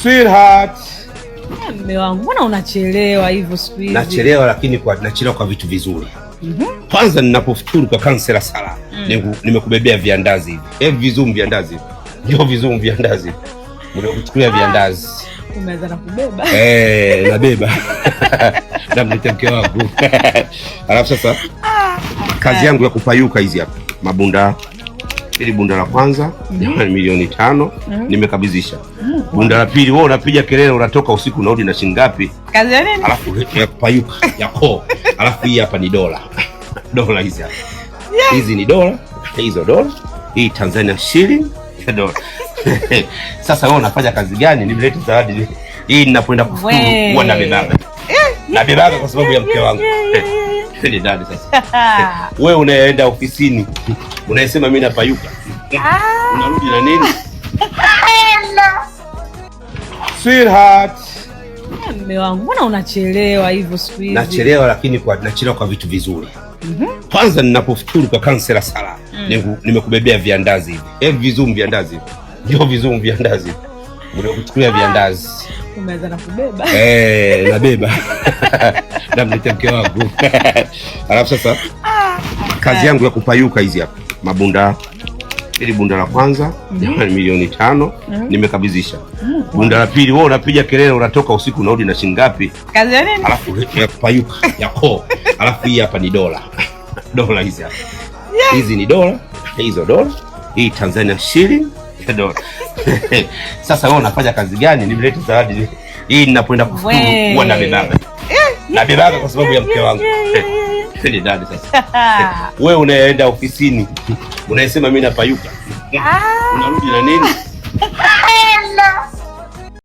Sweetheart. Ah, mume wangu, mbona unachelewa hivyo siku hizi? Nachelewa lakini kwa nachelewa kwa vitu vizuri. Mhm. Mm, kwanza ninapofuturu kwa kansela sala. Mm. Nimekubebea viandazi hivi. Eh, vizumu viandazi. Ndio vizumu viandazi. Nimekuchukulia ah, viandazi. Umeweza na kubeba. Eh, nabeba. Na mlete mke wangu. Alafu sasa ah, kazi yangu ya kupayuka hizi hapa. Mabunda ili bunda la kwanza mhm. jamani, mm. milioni tano mm. -hmm. nimekabidhisha. mm. -hmm. bunda la pili, wewe unapiga kelele, unatoka usiku unarudi na shilingi ngapi? kazi ya nini? Alafu ya kupayuka oh. ko alafu hii hapa ni dola dola, hizi hapa yeah. hizi ni dola, hizo dola, hii Tanzania shilling ya dola. Sasa wewe unafanya kazi gani? nimlete zawadi hii ninapoenda kufungua na bebaga, eh. na bebaga kwa sababu ya mke wangu twende ndani sasa. Wewe unaenda ofisini unasema mimi napayuka, ah. unarudi na nini? Sweetheart, eh, mume wangu, mbona unachelewa hivyo siku hizi? Nachelewa lakini kwa nachelewa kwa vitu vizuri. Mm-hmm. Kwanza ninapofuturu kwa kansela sala, Mm. nimekubebea viandazi hivi. Hivi vizumu viandazi Ndio vizumu viandazi hivi. Nimekuchukulia viandazi kumeza na kubeba. Eh, nabeba namletea mke wangu alafu sasa ah. kazi yangu ya kupayuka hizi hapa mabunda ili bunda la kwanza mm -hmm. milioni tano mm -hmm. nimekabidhisha. mm -hmm. Bunda la pili, wewe unapiga kelele, unatoka usiku, unarudi na shilingi ngapi? Kazi ya nini? Alafu ya kupayuka ko Alafu hii hapa ni dola dola hizi hapa hizi, ni dola hizo, dola hii Tanzania shilling dola. Sasa wewe unafanya kazi gani? Nimlete zawadi hii ninapoenda kufukua huwa na bebaga. Eh, na bebaga kwa sababu ya eh, mke eh, wangu. Sidi dada sasa. Wewe unaenda ofisini. Unaisema mimi napayuka. Ah. Unarudi na nini?